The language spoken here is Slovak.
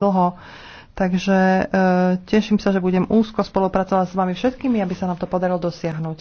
dlho. Takže e, teším sa, že budem úzko spolupracovať s vami všetkými, aby sa nám to podarilo dosiahnuť.